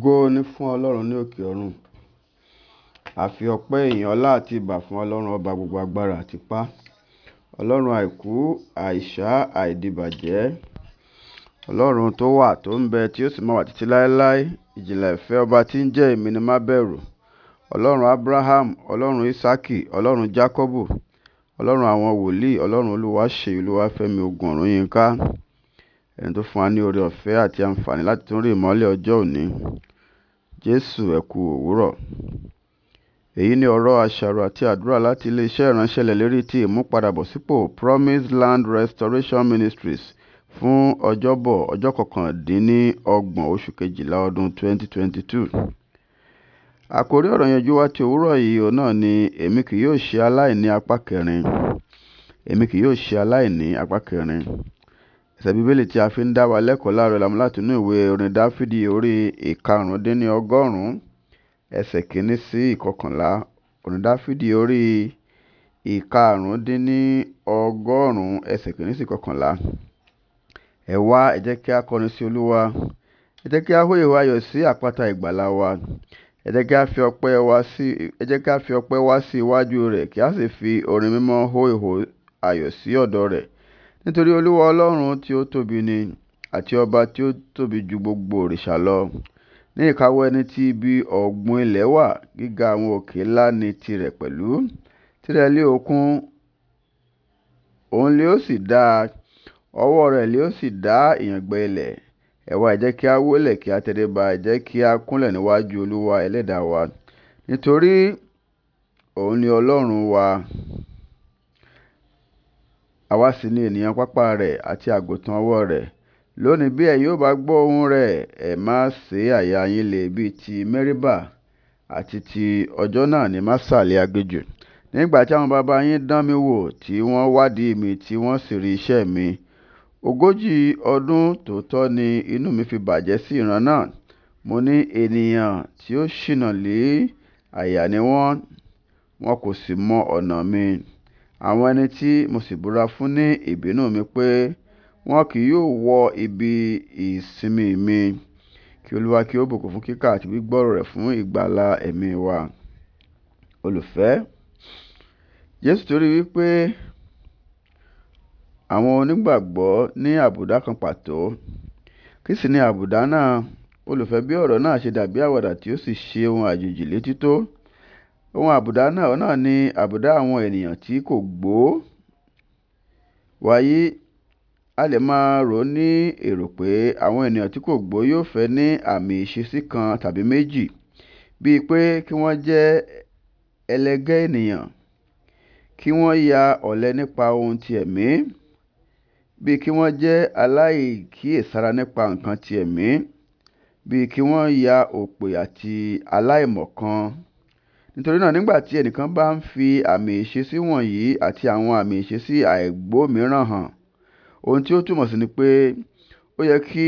Ògo ni fún Ọlọ́run ní òkè ọ̀run. A fi ọpẹ́ ìyìn ọlá àti ìbà fún Ọlọ́run ọba gbogbo agbára àti ipá. Ọlọ́run àìkú, àìṣá, àìdìbàjẹ́. Ọlọ́run tó wà tó ń bẹ tí ó sì máa wà títí láéláé. Ìjìnlẹ̀ ìfẹ́ ọba tí ń jẹ́ èmi ni má bẹ̀rù. Ọlọ́run Abraham, Ọlọ́run Isaki, Ọlọ́run Jakọbu, Ọlọ́run àwọn wòlíì, Ọlọ́run Olúwaṣeyì, Olúwafẹ́mi ogun ọ̀run yínká. Ẹni tó fún wa ní oore ọ̀fẹ́ àti àǹfààní láti tún rí ìmọ́lẹ̀ ọjọ́ òní. Jésù ẹ kú òwúrọ̀. Èyí ni ọ̀rọ̀ àṣàrò àti àdúrà láti iléeṣẹ́ ìránṣẹ́lẹ̀ lérí ti ìmúpadàbọ̀sípò Promise Land Restoration Ministries fún ọjọ́bọ̀ ọjọ́ kọkàndínníọgbọ̀n oṣù kejìlá ọdún 2022. Àkórí ọ̀rọ̀ yanjú wa ti òwúrọ̀ yìí òun náà ni èmi kì yóò ṣe aláìní apá kẹrin. Èmi kì yóò ṣe aláìní apá kẹrin ẹsẹ̀ bíbélì tí a fi ń dá wa lẹ́kọ̀ọ́ láàárọ̀ la mú láti inú ìwé orin dáfídì orí ìkarùndínlọ́gọ́rùn-ún ẹsẹ̀ kìíní sí ìkọkànlá orin dáfídì orí ìkarùndínlọ́gọ́rùn-ún ẹsẹ̀ kìíní sí ìkọkànlá ẹ wá ẹ jẹ́ kí a kọrin sí olúwa ẹ jẹ́ kí a hó ìwà ayọ̀ sí àpáta ìgbàlà wa ẹ jẹ́ kí a fi ọpẹ́ wa sí iwájú rẹ̀ kí a sì fi orin mímọ́ hó ìhò ayọ̀ sí ọ̀dọ̀ rẹ̀ nítorí olúwa ọlọ́run tí ó tóbi ni àti ọba tí ó tóbi ju gbogbo òrìṣà lọ ní ìkáwọ́ ẹni tí ibi ọ̀gbun ilẹ̀ wà gíga àwọn òkè ńlá ni tirẹ̀ pẹ̀lú tirẹ̀ lé òkun òun lé ó sì dá ọwọ́ rẹ̀ lé ó sì dá ìyàngbẹ ilẹ̀ ẹ wá kí a wólẹ̀ kí a tẹríba ẹ jẹ́ kí a kúnlẹ̀ níwájú olúwa ẹlẹ́dàá wa nítorí òun ni ọlọ́run wa àwa sì ni ènìyàn pápá rẹ̀ àti àgùntàn ọwọ́ rẹ̀. Lónìí bí ẹ̀yin ò bá gbọ́ ohùn rẹ̀, ẹ má ṣe àyà yín le bíi ti Meriba àti ti ọjọ́ náà ní Masale aginjù. Nígbà tí àwọn baba yín dán mi wò tí wọ́n wádìí mi tí wọ́n sì rí iṣẹ́ mi. Ogójì ọdún tòótọ́ ni inú mi fi bàjẹ́ sí ìran náà. Mo ní ènìyàn tí ó ṣìnà lé àyà ni wọ́n, wọn kò sì mọ ọ̀nà mi àwọn ẹni tí mo sì búra fún ní ìbínú mi pé wọn kì yóò wọ ibi ìsinmi mi kí olúwa kí ó bùkún fún kíkà àti gbígbọ́rọ̀ rẹ̀ fún ìgbàlà ẹ̀mí wa olùfẹ́ jésù torí wípé àwọn onígbàgbọ́ ní àbùdá kan pàtó kí sì ni àbùdá náà olùfẹ́ bí ọ̀rọ̀ náà ṣe dàbí àwàdà tí ó sì ṣe ohun àjèjì létí tó Ohun àbùdá náà náà ni àbùdá àwọn ènìyàn tí kò gbọ́. Wàyí, a lè máa rò ní èrò pé àwọn ènìyàn tí kò gbọ́ yóò fẹ́ ní àmì ìṣesí kan tàbí méjì, bíi pé kí wọ́n jẹ́ ẹlẹgẹ́ ènìyàn, kí wọ́n ya ọ̀lẹ nípa ohun ti ẹ̀mí, bíi kí wọ́n jẹ́ aláìkíyèsára nípa nǹkan ti ẹ̀mí, bíi kí wọ́n ya òpè àti aláìmọ̀kan. Nítorí náà, nígbà tí ẹnìkan bá ń fi àmì ìṣesí wọ̀nyí àti àwọn àmì ìṣesí àìgbòmìíràn hàn, ohun tí ó túmọ̀ sí ni pé ó yẹ kí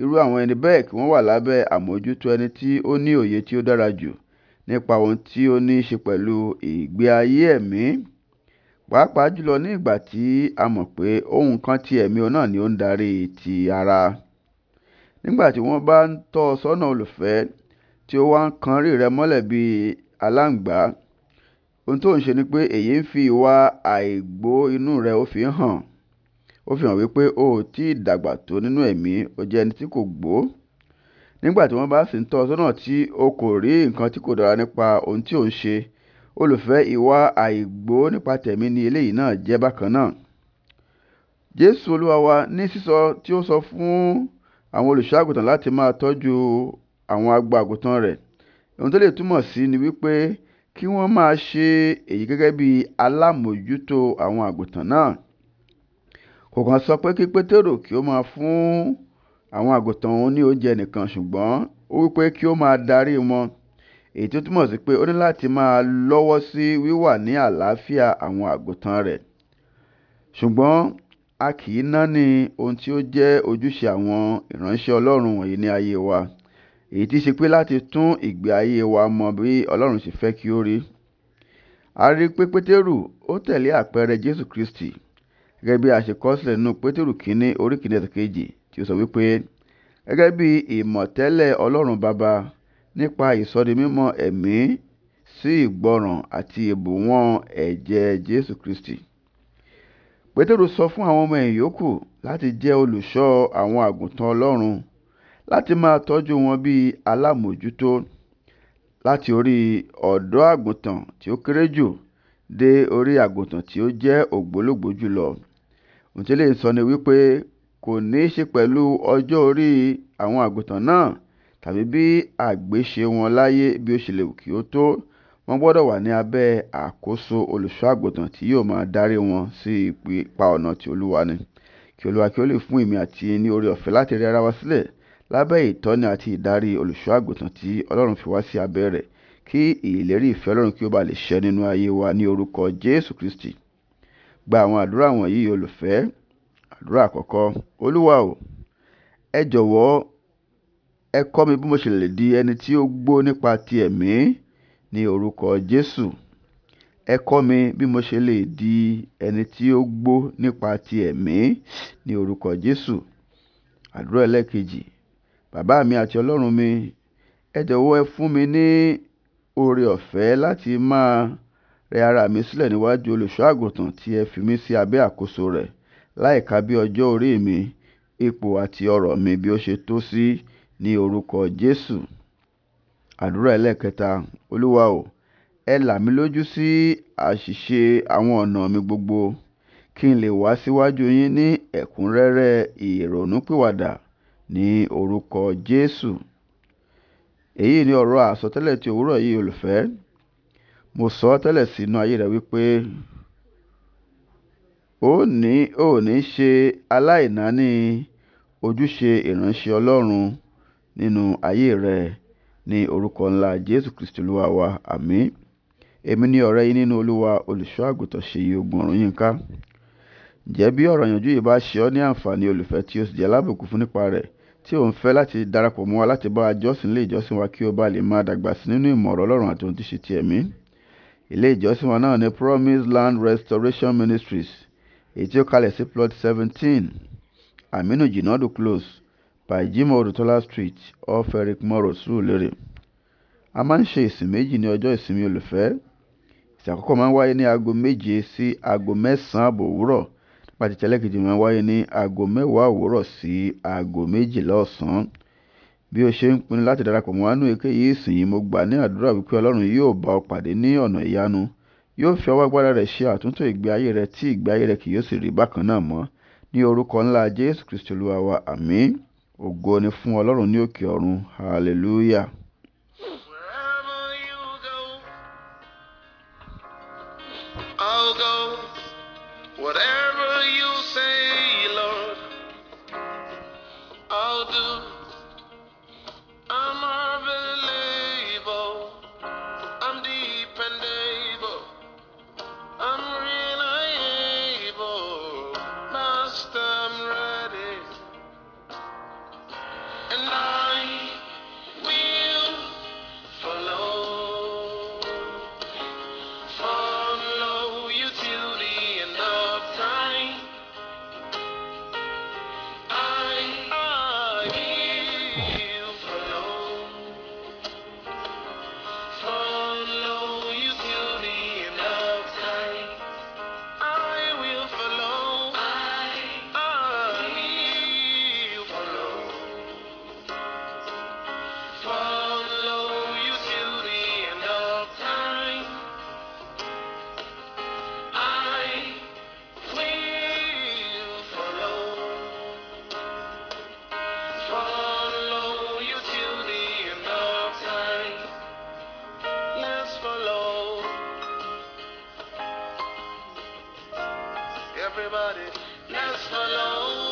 irú àwọn ẹni bẹ́ẹ̀ kí wọ́n wà lábẹ́ àmójútó ẹni tí ó ní òye tí ó dára jù nípa ohun tí ó ní í ṣe pẹ̀lú ìgbé ayé ẹ̀mí, pàápàá jùlọ ní ìgbà tí a mọ̀ pé ohun kan ti ẹ̀mí náà ni ó ń darí ti ara. Nígbà tí wọ́n bá ń tọ́ ọ sọ́nà olùfẹ́ tí ó wá ń kan orí rẹ mọ́lẹ̀ bí aláǹgbá ohun tó ń ṣe ni pé èyí ń fi ìwà àìgbọ́-inú rẹ̀ ó fi hàn ó fi hàn wípé o ò tí ì dàgbà tó nínú ẹ̀mí o jẹ́ ẹni tí kò gbó nígbà tí wọ́n bá sì ń tọ́ sọ́nà tí o kò rí nǹkan tí kò dára nípa ohun tí ò ń ṣe olùfẹ́ ìwà àìgbó nípa tẹ̀mí ni eléyìí náà jẹ́ bákan náà jésù olúwa wa ní sísọ tí ó sọ fún àwọn olùṣọ́ àgùntàn láti máa tọ́jú àwọn agbo àgùntàn rẹ̀ ohun tó lè túmọ̀ sí ni wípé kí wọ́n máa ṣe èyí gẹ́gẹ́ bíi alámòójútó àwọn àgùntàn náà kò kàn sọ pé kí pétérù kí ó máa fún àwọn àgùntàn òun ní oúnjẹ nìkan ṣùgbọ́n ó wípé kí ó máa darí wọn èyí tó túmọ̀ sí pé ó ní láti máa lọ́wọ́ sí wíwà ní àlàáfíà àwọn àgùntàn rẹ̀ ṣùgbọ́n a kì í náni ohun tí ó jẹ́ ojúṣe àwọn ìránṣẹ́ ọlọ́run wọ̀nyí ní ayé wa èyí tí ṣe pé láti tún ìgbé ayé wa mọ bí Ọlọ́run ṣe fẹ́ kí ó rí. A rí pé Pétérù ó tẹ̀lé àpẹẹrẹ Jésù Kristi gẹ́gẹ́ bí a ṣe kọ sílẹ̀ nínú Pétérù kínní orí kìíní ẹsẹ̀ kejì tí ó sọ wípé gẹ́gẹ́ bí ìmọ̀tẹ́lẹ̀ Ọlọ́run Baba nípa ìsọdimímọ́ ẹ̀mí sí ìgbọràn àti ìbùwọ́n ẹ̀jẹ̀ Jésù Kristi. Pétérù sọ fún àwọn ọmọ ẹ̀yìn yòókù láti jẹ́ olùṣọ́ àwọn àgùntàn Ọlọ́run láti máa tọ́jú wọn bíi alámòójútó láti orí ọ̀dọ́-àgùntàn tí ó kéré jù dé orí àgùntàn tí ó jẹ́ ògbólógbòó jùlọ. Ohun tí eléyìí ń sọ ni wípé kò ní í ṣe pẹ̀lú ọjọ́ orí àwọn àgùntàn náà tàbí bí àgbéṣe wọn láyé bí ó ṣe lè kí ó tó. Wọ́n gbọ́dọ̀ wà ní abẹ́ àkóso olùṣọ́ àgùntàn tí yóò máa darí wọn sí ipa ọ̀nà tí Olúwa ni. Kí Olúwa kí ó lè fún èmi àti ní oore ọ̀fẹ́ láti rẹ ara wa sílẹ̀ lábẹ́ ìtọ́ni àti ìdarí olùṣọ́ àgùntàn tí ọlọ́run fi wá sí abẹ́ rẹ̀ kí ìlérí ìfẹ́ ọlọ́run kí ó bá lè ṣẹ nínú ayé wa ní orúkọ jésù kristi gba àwọn àdúrà wọ̀nyí olùfẹ́ àdúrà àkọ́kọ́ olúwa o ẹ jọ̀wọ́ ẹ kọ́ mi bí mo ṣe lè di ẹni tí ó gbó nípa ti ẹ̀mí ní orúkọ jésù ẹ kọ́ mi bí mo ṣe lè di ẹni tí ó gbó nípa ti ẹ̀mí ní orúkọ jésù àdúrà ẹlẹ́kejì bàbá mi àti ọlọ́run mi ẹ jọ̀wọ́ ẹ fún mi ní oore-ọ̀fẹ́ láti máa rẹ ara mi sílẹ̀ níwájú olùṣọ́-àgùntàn tí ẹ fi mí sí abẹ́ àkóso rẹ̀ láìka bí ọjọ́ orí mi ipò àti ọrọ̀ mi bí ó ṣe tó sí ní orúkọ jésù àdúrà ẹlẹ́ẹ̀kẹta olúwa o ẹ là mí lójú sí àṣìṣe àwọn ọ̀nà mi gbogbo kí n lè wá síwájú yín ní ẹ̀kúnrẹ́rẹ́ ìrònúpìwàdà ní orúkọ Jésù. Èyí ni ọ̀rọ̀ àsọtẹ́lẹ̀ ti òwúrọ̀ yìí olùfẹ́. Mo sọ ọ́ tẹ́lẹ̀ sínú ayé rẹ wípé ó ní ò ní ṣe aláìnáání ojúṣe ìránṣẹ́ Ọlọ́run nínú ayé rẹ ní orúkọ ńlá Jésù Kristi Olúwa wa. Àmín. Èmi ni ọ̀rẹ́ yín nínú Olúwa olùṣọ́ àgùntàn Ṣèyí Ogun ọ̀run yín ká. Ǹjẹ́ bí ọ̀rọ̀ ìyànjú yìí bá ṣe ọ́ ní àǹfààní olùfẹ́ tí ó sì jẹ́ alábùkún fún nípa rẹ̀, tí ò ń fẹ́ láti darapọ̀ mọ́ wa láti bá wa jọ́sìn ilé ìjọsìn wa kí o bá lè máa dàgbà sí nínú ìmọ̀ ọ̀rọ̀ Ọlọ́run àti ohun tí ṣe ti ẹ̀mí. Ilé ìjọsìn wa náà ni Promise Land Restoration Ministries èyí tí ó kalẹ̀ sí plot seventeen Aminu Jinadu Close by Jimoh Odutola Street off Eric Moro Surulere. A máa ń ṣe ìsìn méjì ní ọjọ́ ìsinmi olùfẹ́. Ìsìn àkọ́kọ́ máa ń wáyé ní aago méje sí aago mẹ́sàn-án àbọ̀ òwúrọ̀ Ìpàdé ẹlẹ́ẹ̀kejì máa wáyé ní aago mẹ́wàá òwúrọ̀ sí aago méjìlá ọ̀sán. Bí o ṣe ń pinnu láti darapọ̀ mọ́ wa nínú èyíkéyìí ìsìn yìí, mo gbà ní àdúrà wípé Ọlọ́run yóò bá ọ pàdé ní ọ̀nà ìyanu. Yóò fi ọwọ́ agbára rẹ̀ ṣe àtúntò ìgbé ayé rẹ tí ìgbé ayé rẹ kì yóò sì rí bákan náà mọ́. Ní orúkọ ńlá Jésù Kristi Olúwa wa, àmín. Ògo ni fún Ọlọ́run ní òkè ọ̀run. Hallelujah. Wherever you go, I'll go. Whatever everybody. Dance for love.